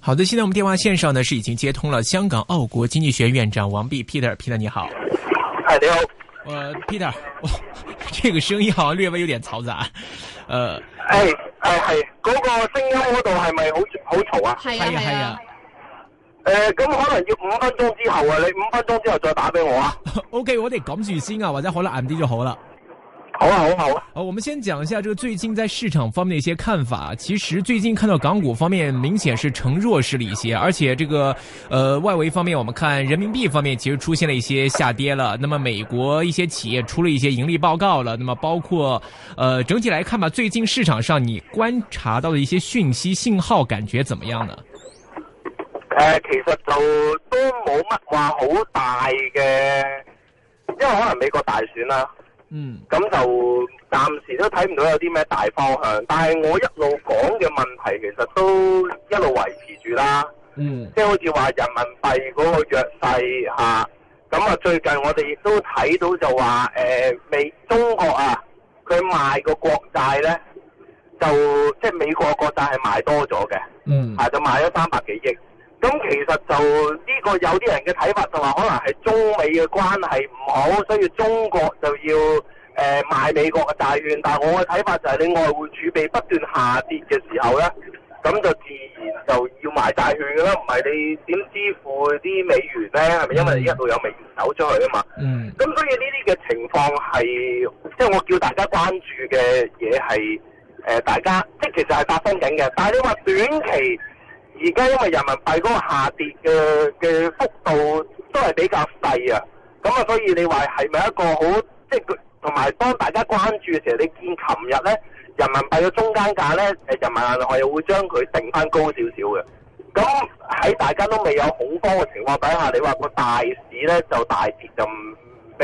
好的，現在我們電話線上呢是已經接通了香港澳國經濟學院長王弼 Peter，Peter 你好。h、hey, 你好 l、uh, Peter，、哦、這個聲音好像略微有點嘈雜。呃。哎哎係，嗰個聲音嗰度係咪好好嘈啊？係啊係啊。誒，咁可能要五分鐘之後啊，你五分鐘之後再打俾我啊。OK，我哋撳住先啊，或者可能晏啲就好啦。好啊，好，啊好啊，好啊，好啊！我們先講一下這個最近在市場方面的一些看法。其實最近看到港股方面明顯是呈弱勢了一些，而且這個呃外圍方面，我們看人民幣方面其實出現了一些下跌了。那麼美國一些企業出了一些盈利報告了。那麼包括呃整體來看吧，最近市場上你觀察到的一些訊息信號，感覺怎麼樣呢？呃其實就都冇乜話好大嘅，因為可能美國大選啦、啊。嗯，咁就暫時都睇唔到有啲咩大方向，但係我一路講嘅問題其實都一路維持住啦。嗯，即係好似話人民幣嗰個弱勢吓，咁啊最近我哋亦都睇到就話誒、呃，美中國啊，佢賣個國債咧，就即係美國國債係賣多咗嘅。嗯、啊，就賣咗三百幾億。咁其實就呢、這個有啲人嘅睇法就話可能係中美嘅關係唔好，所以中國就要誒、呃、賣美國嘅債券。但係我嘅睇法就係你外匯儲備不斷下跌嘅時候咧，咁就自然就要賣債券噶啦。唔係你點支付啲美元咧？係咪因為你一路有美元走出去啊嘛？嗯、mm。咁、hmm. 所以呢啲嘅情況係，即係我叫大家關注嘅嘢係誒大家，即係其實係發生緊嘅。但係你話短期。而家因為人民幣嗰個下跌嘅嘅幅度都係比較細啊，咁啊，所以你話係咪一個好即係同埋當大家關注嘅時候，你見琴日咧人民幣嘅中間價咧，誒人民銀行又會將佢定翻高少少嘅，咁喺大家都未有恐慌嘅情況底下，你話個大市咧就大跌就？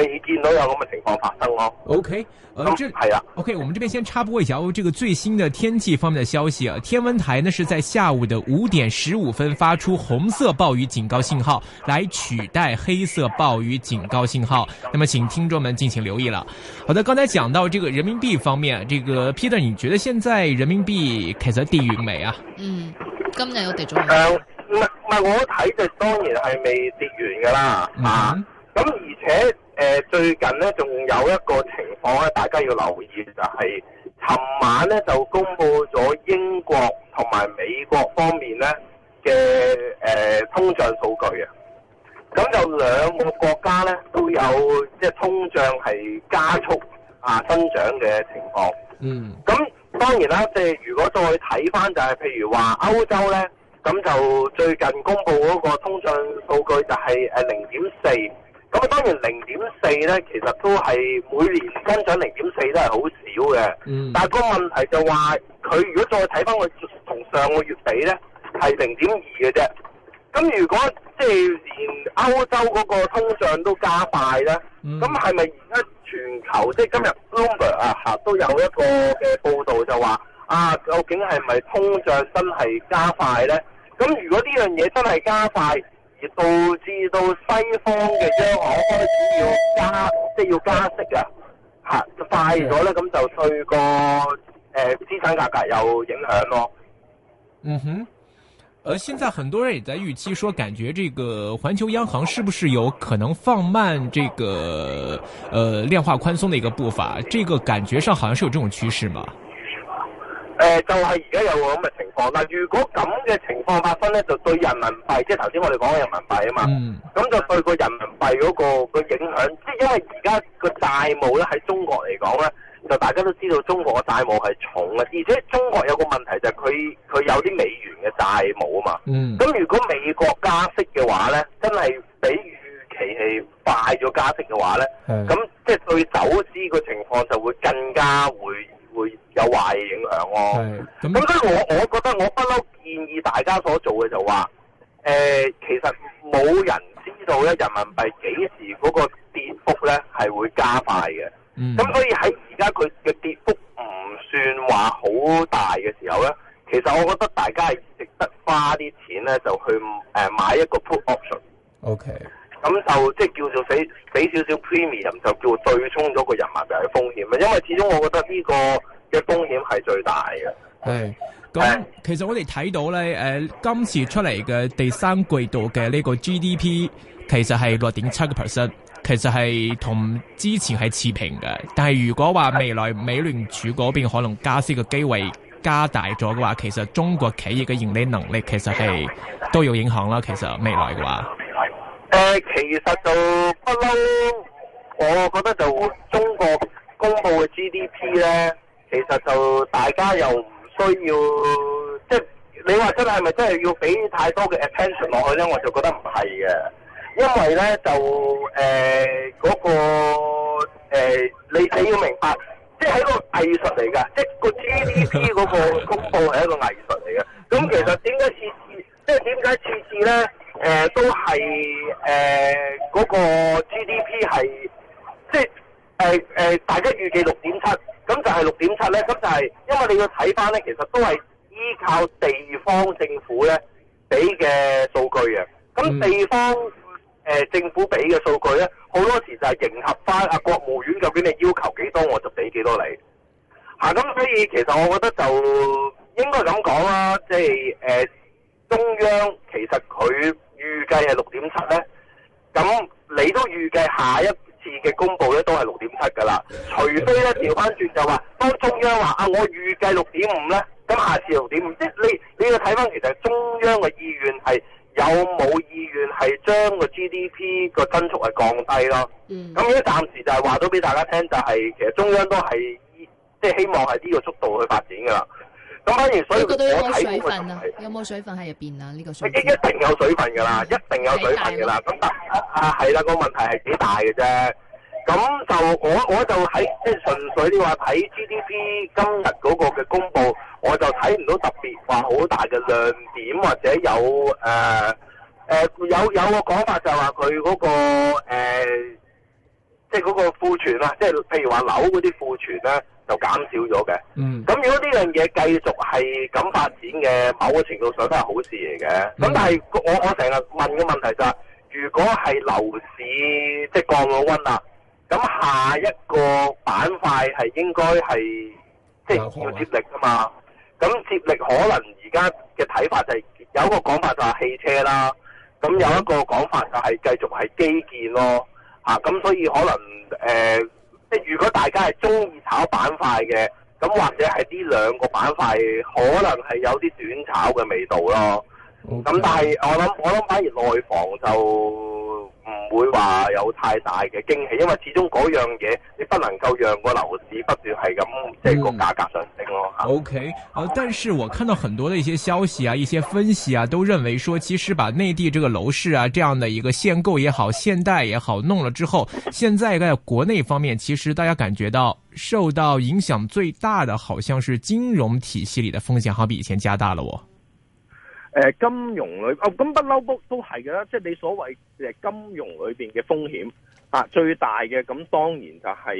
你見到有咁嘅情況發生咯、哦？OK，咁係啊。OK，我們這邊先插播一下哦，這個最新的天氣方面的消息啊，天文台呢是在下午的五點十五分發出紅色暴雨警告信號，來取代黑色暴雨警告信號。那麼請聽眾們進行留意了。好的，剛才講到這個人民幣方面，這個 Peter，你覺得現在人民幣開始跌遠未啊？嗯，今日我睇咗，誒、呃，唔係唔係，我睇就當然係未跌完噶啦，啊，咁、啊、而且。誒，最近咧仲有一個情況咧，大家要留意就係，尋晚咧就公布咗英國同埋美國方面咧嘅誒通脹數據啊。咁就兩個國家咧都有即係、就是、通脹係加速啊增長嘅情況。嗯。咁當然啦，即係如果再睇翻就係，譬如話歐洲咧，咁就最近公布嗰個通脹數據就係誒零點四。咁啊，當然零點四咧，其實都係每年增長零點四都係好少嘅。嗯、但係個問題就話，佢如果再睇返佢同上個月比咧，係零點二嘅啫。咁如果即係、就是、連歐洲嗰個通脹都加快咧，咁係咪而家全球即係、就是、今日 Bloomberg 啊嚇都有一個嘅報道就話啊，究竟係咪通脹真係加快咧？咁如果呢樣嘢真係加快，導致到西方嘅央行開始要加，即係要加息啊，吓就快咗咧，咁就對個誒資產價格有影響咯。嗯哼，而，呃，現在很多人也在預期說，感覺這個環球央行是不是有可能放慢這個，呃，量化寬鬆的一個步伐？這個感覺上好像是有這種趨勢嘛。誒、呃，就係而家有個咁嘅情況，但如果咁嘅情況發生咧，就對人民幣，即係頭先我哋講嘅人民幣啊嘛。咁、嗯、就對個人民幣嗰個個影響，即係因為而家個債務咧喺中國嚟講咧，就大家都知道中國嘅債務係重嘅，而且中國有個問題就係佢佢有啲美元嘅債務啊嘛。咁、嗯、如果美國加息嘅話咧，真係比預期係快咗加息嘅話咧，咁、嗯、即係對走資個情況就會更加會。會有壞嘅影響咯、哦。咁，所以我我覺得我不嬲建議大家所做嘅就話，誒、呃，其實冇人知道咧，人民幣幾時嗰個跌幅咧係會加快嘅。咁、嗯、所以喺而家佢嘅跌幅唔算話好大嘅時候咧，其實我覺得大家係值得花啲錢咧，就去誒買一個 put option。OK. 咁就即係、就是、叫做死。俾少少 premium 就叫對沖咗個人民幣嘅風險啊！因為始終我覺得呢個嘅風險係最大嘅。係，咁其實我哋睇到咧、呃，今次出嚟嘅第三季度嘅呢個 GDP 其實係六點七個 percent，其實係同之前係持平嘅。但係如果話未來美聯儲嗰邊可能加息嘅機會加大咗嘅話，其實中國企業嘅盈利能力其實係都有影響啦。其實未來嘅話。誒、呃，其實就不嬲，我覺得就中國公布嘅 GDP 咧，其實就大家又唔需要，即、就、係、是、你話真係咪真係要俾太多嘅 attention 落去咧？我就覺得唔係嘅，因為咧就誒嗰、呃那個誒、呃，你你要明白，即係喺個藝術嚟噶，即、就、係、是、個 GDP 嗰個公布係一個藝術嚟嘅。咁 其實點解設置？即係點解設置咧？誒、呃，都係誒，嗰、呃那個 GDP 係，即係誒誒，大家預計六點七，咁就係六點七咧。咁就係、是，因為你要睇翻咧，其實都係依靠地方政府咧俾嘅數據嘅。咁地方誒、呃、政府俾嘅數據咧，好多時就係迎合翻啊國務院，究竟你要求幾多，我就俾幾多、啊、你。吓，咁所以其實我覺得就應該咁講啦，即係誒。呃中央其實佢預計係六點七咧，咁你都預計下一次嘅公佈咧都係六點七噶啦，除非咧調翻轉就話當中央話啊，我預計六點五咧，咁下次六點五，即係你你要睇翻其實中央嘅意願係有冇意願係將個 GDP 個增速係降低咯。嗯。咁而家暫時就係話到俾大家聽，就係其實中央都係即係希望係呢個速度去發展噶啦。咁，不如所以我睇佢有冇水分啊？有冇水分喺入邊啊？呢、這個水一定有水分噶啦，一定有水分噶啦。咁得！啊，係啦，個問題係幾大嘅啫。咁就我我就喺即係純粹你話睇 GDP 今日嗰個嘅公佈，我就睇唔到特別話好大嘅亮點，或者有誒誒、呃呃、有有個講法就話佢嗰個即係嗰個庫存啊，即、就、係、是、譬如話樓嗰啲庫存啊。就減少咗嘅，咁、嗯、如果呢樣嘢繼續係咁發展嘅，某個程度上都係好事嚟嘅。咁但係我我成日問嘅問題就係、係，如果係樓市即係、就係、降咗溫啦，咁下一個板塊係應該係即係要接力㗎嘛？咁接力可能而家嘅睇法就係有一個講法就係汽車啦，咁有一個講法就係繼續係基建咯，嚇咁所以可能誒。呃如果大家係中意炒板塊嘅，咁或者係呢兩個板塊可能係有啲短炒嘅味道咯。咁 Okay. 但係我諗，我諗反而內房就。唔會話有太大嘅驚喜，因為始終嗰樣嘢你不能夠讓個樓市不斷係咁，即係個價格上升咯。OK，呃，但是我看到很多的一些消息啊、一些分析啊，都認為說，其實把內地這個樓市啊，這樣的一個限購也好、限貸也好，弄了之後，現在在國內方面，其實大家感覺到受到影響最大的，好像是金融體系裏的風險，好比以前加大了，喎。誒，金融，哦就是、金融裏哦，咁不嬲都係嘅啦，即係你所謂誒金融裏邊嘅風險啊，最大嘅咁當然就係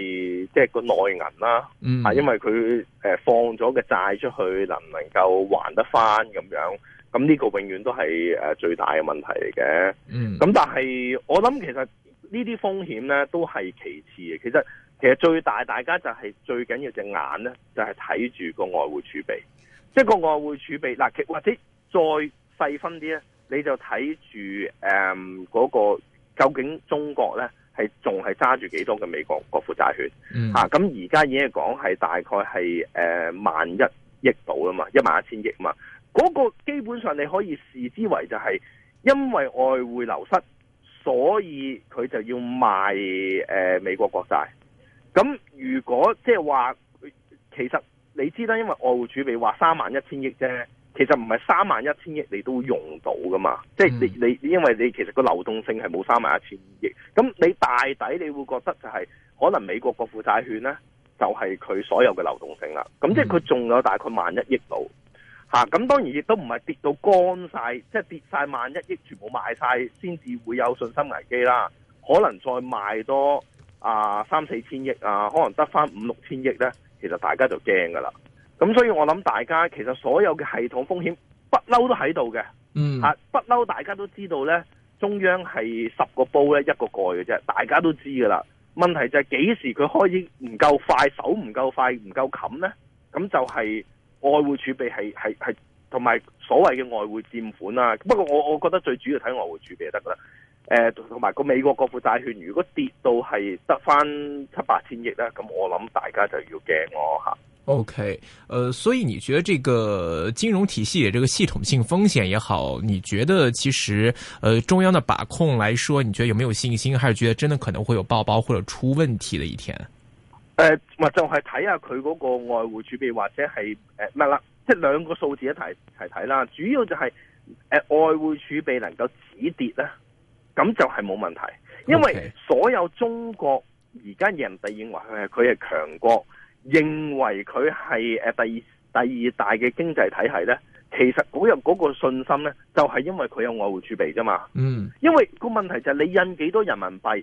即係個內銀啦，啊，嗯、因為佢誒、呃、放咗個債出去，能唔能夠還得翻咁樣？咁呢個永遠都係誒、啊、最大嘅問題嚟嘅。嗯但是，咁但係我諗其實這些險呢啲風險咧都係其次嘅。其實其實最大大家就係、是、最緊要隻眼咧，就係睇住個外匯儲備，即、就、係、是、個外匯儲備嗱、啊，或者。再細分啲咧，你就睇住誒嗰個究竟中國咧係仲係揸住幾多嘅美國國庫債券嚇？咁而家已經講係大概係誒萬一億度啊嘛，一萬一千億嘛。嗰、嗰個基本上你可以視之為就係因為外匯流失，所以佢就要賣、呃、美國國債。咁如果即係話，其實你知啦，因為外匯儲備話三萬一千億啫。其實唔係三萬一千億你都會用到噶嘛，即係你你因為你其實個流動性係冇三萬一千億，咁你大抵你會覺得就係可能美國國庫債券呢，就係佢所有嘅流動性啦，咁即係佢仲有大概萬一億度嚇，咁，嗯，啊，當然亦都唔係跌到乾晒，即係跌晒萬一億全部賣晒先至會有信心危機啦，可能再賣多啊三四千億啊，可能得翻五六千億呢，其實大家就驚㗎啦。咁所以我諗大家其實所有嘅系統風險不嬲都喺度嘅，吓不嬲大家都知道咧，中央係十個煲咧一個蓋嘅啫，大家都知噶啦。問題就係幾時佢開始唔夠快，手唔夠快，唔夠冚咧？咁就係外匯儲備係係係同埋所謂嘅外匯佔款啦、啊。不過我我覺得最主要睇外匯儲備就得噶啦。誒、呃，同埋個美國國庫債券如果跌到係得翻七八千億咧，咁我諗大家就要驚我吓。O、okay, K，呃，所以你覺得這個金融體系這個系統性風險也好，你覺得其實，呃，中央的把控來說，你覺得有沒有信心，還是覺得真的可能會有爆煲或者出問題的一天？誒、呃，就係、是、睇下佢嗰個外匯儲備或者係誒，唔係啦，即係兩個數字一齊一睇啦，主要就係誒外匯儲備能夠止跌咧，咁就係冇問題，因為所有中國而家 Okay. 人哋認為佢係佢係強國。認為佢係誒第二第二大嘅經濟體系呢，其實嗰日嗰個信心呢，就係因為佢有外匯儲備啫嘛。嗯，因為個問題就係你印幾多人民幣，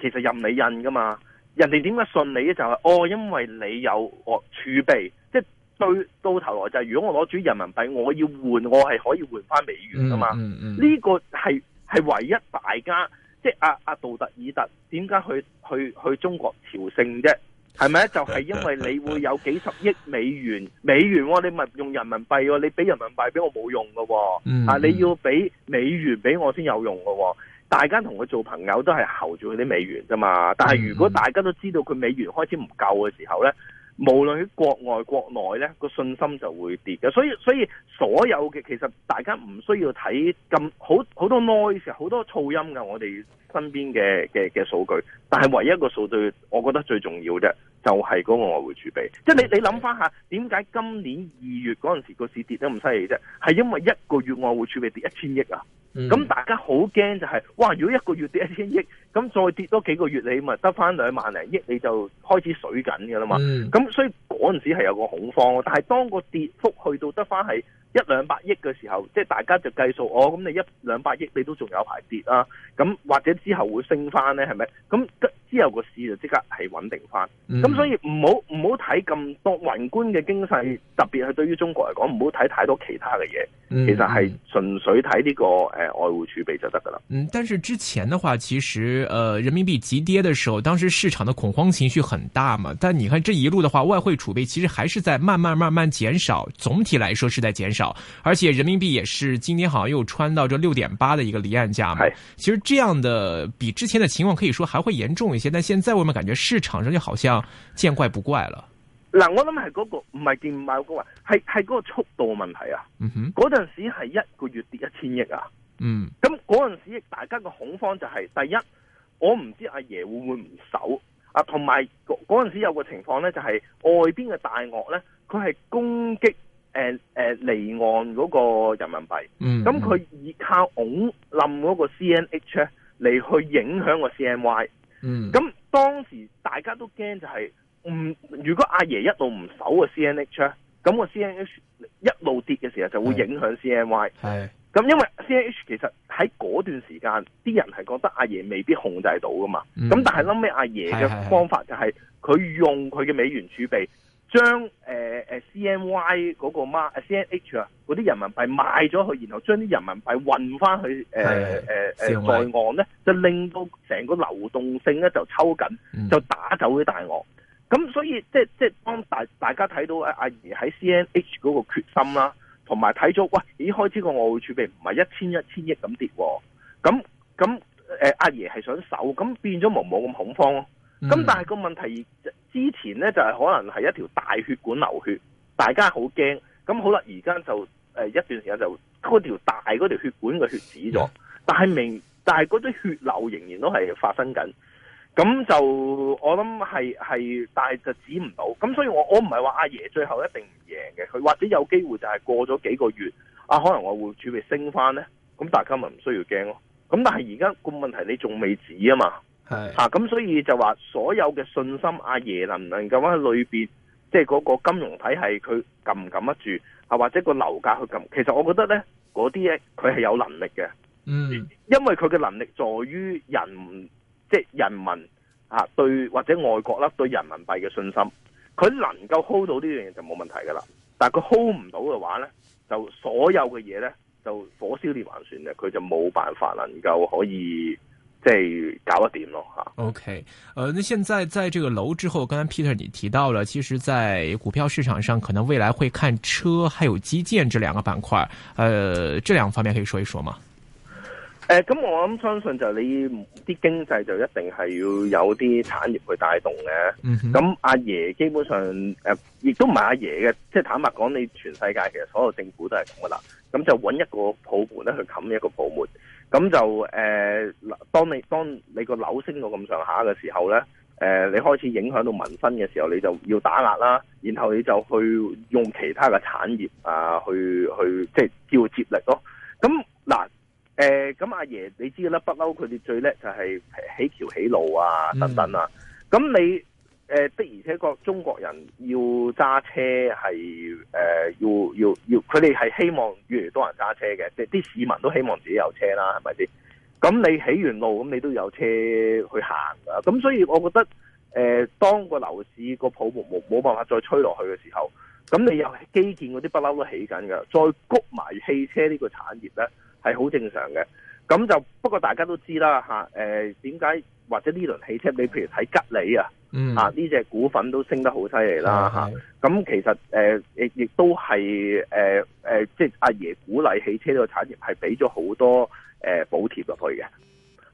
其實任你印噶嘛。人哋點解信你呢？就係、是、哦，因為你有我儲備，即、就、係、是、對到頭來就係、是，如果我攞住人民幣，我要換，我係可以換翻美元噶嘛。呢、嗯嗯嗯、個係係唯一大噶，即係阿阿杜特爾特點解去去去中國朝聖啫？係咪？就係、是、因為你會有幾十億美元美元、哦，你咪用人民幣、哦，你俾人民幣俾我冇用噶、哦，啊、嗯！你要俾美元俾我先有用噶、哦。大家同佢做朋友都係候住佢啲美元啫嘛。但係如果大家都知道佢美元開始唔夠嘅時候呢，嗯、無論喺國外國內呢，個信心就會跌嘅。所以所以所有嘅其實大家唔需要睇咁好好多 noise 好多噪音噶，我哋身邊嘅嘅嘅數據，但係唯一個數據我覺得最重要啫。就係嗰個外匯儲備，即係你你諗翻下，點解今年二月嗰陣時個市跌得咁犀利啫？係因為一個月外匯儲備跌一千億啊！咁、嗯、大家好驚就係，哇！如果一個月跌一千億，咁再跌多幾個月你咪得翻兩萬零億，你就開始水緊㗎啦嘛！咁、嗯、所以嗰陣時係有個恐慌，但係當個跌幅去到得翻係，一兩百億嘅時候，即係大家就計數，哦，咁你一兩百億你都仲有排跌啊，咁或者之後會升翻咧，係咪？咁之後個市就即刻係穩定翻，咁所以唔好唔好睇咁多宏觀嘅經濟，特別係對於中國嚟講，唔好睇太多其他嘅嘢，其實係純粹睇呢個誒外匯儲備就得噶啦。嗯，但是之前嘅話，其實誒、呃、人民幣急跌嘅時候，當時市場嘅恐慌情緒很大嘛，但你看這一路嘅話，外匯儲備其實還是在慢慢慢慢減少，總體來說是在減少。而且人民幣也是今年好像又穿到這六點八的一個離岸價嘛。其實這樣的比之前的情況可以說還會嚴重一些，但係現在我咪感覺市場上就好像見怪不怪了。嗱，我諗係嗰個唔係跌唔係好啊，係係嗰個速度問題啊。嗯哼，嗰陣時係一個月跌一千億啊。嗯，咁嗰陣時大家嘅恐慌就係第一，我唔知阿爺會唔會唔守啊，同埋嗰嗰陣時有個情況呢，就係外邊嘅大鱷呢，佢係攻擊。誒誒、啊啊、離岸嗰個人民幣，咁佢以靠拱冧嗰個 C N H 咧，嚟去影響個 C N Y、嗯。咁當時大家都驚就係、是，唔如果阿爺一路唔守個 C N H，咁個 C N H 一路跌嘅時候，就會影響 C N Y。係咁，因為 C N H 其實喺嗰段時間，啲人係覺得阿爺未必控制到㗎嘛。咁、嗯、但係臨尾阿爺嘅方法就係佢用佢嘅美元儲備。將誒誒 CNY 嗰個孖誒 CNH 啊，嗰啲人民幣賣咗去，然後將啲人民幣運翻去誒誒誒在岸咧，就令到成個流動性咧就抽緊，就打走啲大鱷。咁、嗯、所以即即當大大家睇到阿、啊、阿爺喺 CNH 嗰個決心啦、啊，同埋睇咗喂，咦開始個外匯儲備唔係一千一千億咁跌、啊，咁咁誒阿爺係想守，咁變咗冇冇咁恐慌咯、啊。咁、嗯、但係個問題。之前呢，就係可能係一條大血管流血，大家好驚。咁好啦，而家就誒一段時間就嗰條大嗰條血管嘅血止咗，但係明但係嗰啲血流仍然都係發生緊。咁就我諗係係，但係就止唔到。咁所以我我唔係話阿爺最後一定唔贏嘅，佢或者有機會就係過咗幾個月，啊可能我會儲備升翻呢。咁大家咪唔需要驚咯。咁但係而家個問題你仲未止啊嘛？係咁，是啊、所以就話所有嘅信心，阿、啊、爺能唔能夠喺裏邊，即係嗰個金融體系佢撳唔撳得住，啊或者個樓價去撳，其實我覺得呢嗰啲呢，佢係有能力嘅，嗯，因為佢嘅能力在於人，即係人民吓、啊、對或者外國啦對人民幣嘅信心，佢能夠 hold 到呢樣嘢就冇問題噶啦，但係佢 hold 唔到嘅話呢，就所有嘅嘢呢，就火燒連環船嘅，佢就冇辦法能夠可以。即係搞唔掂咯吓。OK，誒、呃，那現在在這個樓之後，剛剛 Peter 你提到了，其實，在股票市場上，可能未來會看車，還有基建這兩個板塊。誒、呃，這兩方面可以說一說嗎？誒、呃，咁我諗相信就你啲經濟就一定係要有啲產業去帶動嘅。咁、嗯、哼阿爺基本上誒，亦、呃、都唔係阿爺嘅，即係坦白講，你全世界其實所有政府都係咁噶啦。咁就揾一個泡沫咧去冚一個泡沫。咁就誒、呃，當你當你個樓升到咁上下嘅時候咧，誒、呃、你開始影響到民生嘅時候，你就要打壓啦，然後你就去用其他嘅產業啊，去去即係叫接力咯。咁嗱，誒、呃、咁阿爺，你知嘅啦，不嬲佢哋最叻就係起橋起路啊，等等啊，咁、嗯、你。誒的而且確，中國人要揸車係誒要要要，佢哋係希望越嚟多人揸車嘅，即係啲市民都希望自己有車啦，係咪先？咁你起完路咁，你都有車去行㗎！咁所以，我覺得誒，當個樓市個泡沫冇冇辦法再吹落去嘅時候，咁你又基建嗰啲不嬲都起緊噶，再谷埋汽車呢個產業咧，係好正常嘅。咁就不過大家都知啦嚇，誒點解或者呢輪汽車你譬如睇吉利、嗯、啊，啊呢隻股份都升得好犀利啦嚇。咁的、啊、其實誒亦亦都係誒即係阿爺鼓勵汽車呢個產業係俾咗好多誒、啊、補貼入去嘅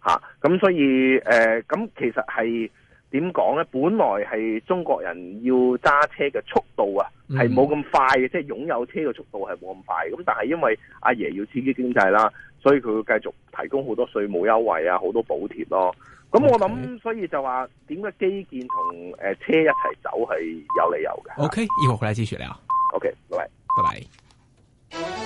嚇。咁、啊、所以誒，咁、啊、其實係。點講呢？本來係中國人要揸車嘅速度啊，係冇咁快嘅，即係擁有車嘅速度係冇咁快的。咁但係因為阿爺要刺激經濟啦，所以佢會繼續提供好多稅務優惠啊，好多補貼咯。咁我諗，Okay. 所以就話點解基建同誒車一齊走係有理由嘅。OK，以後佢支持你啊。OK，拜拜，拜拜。Bye.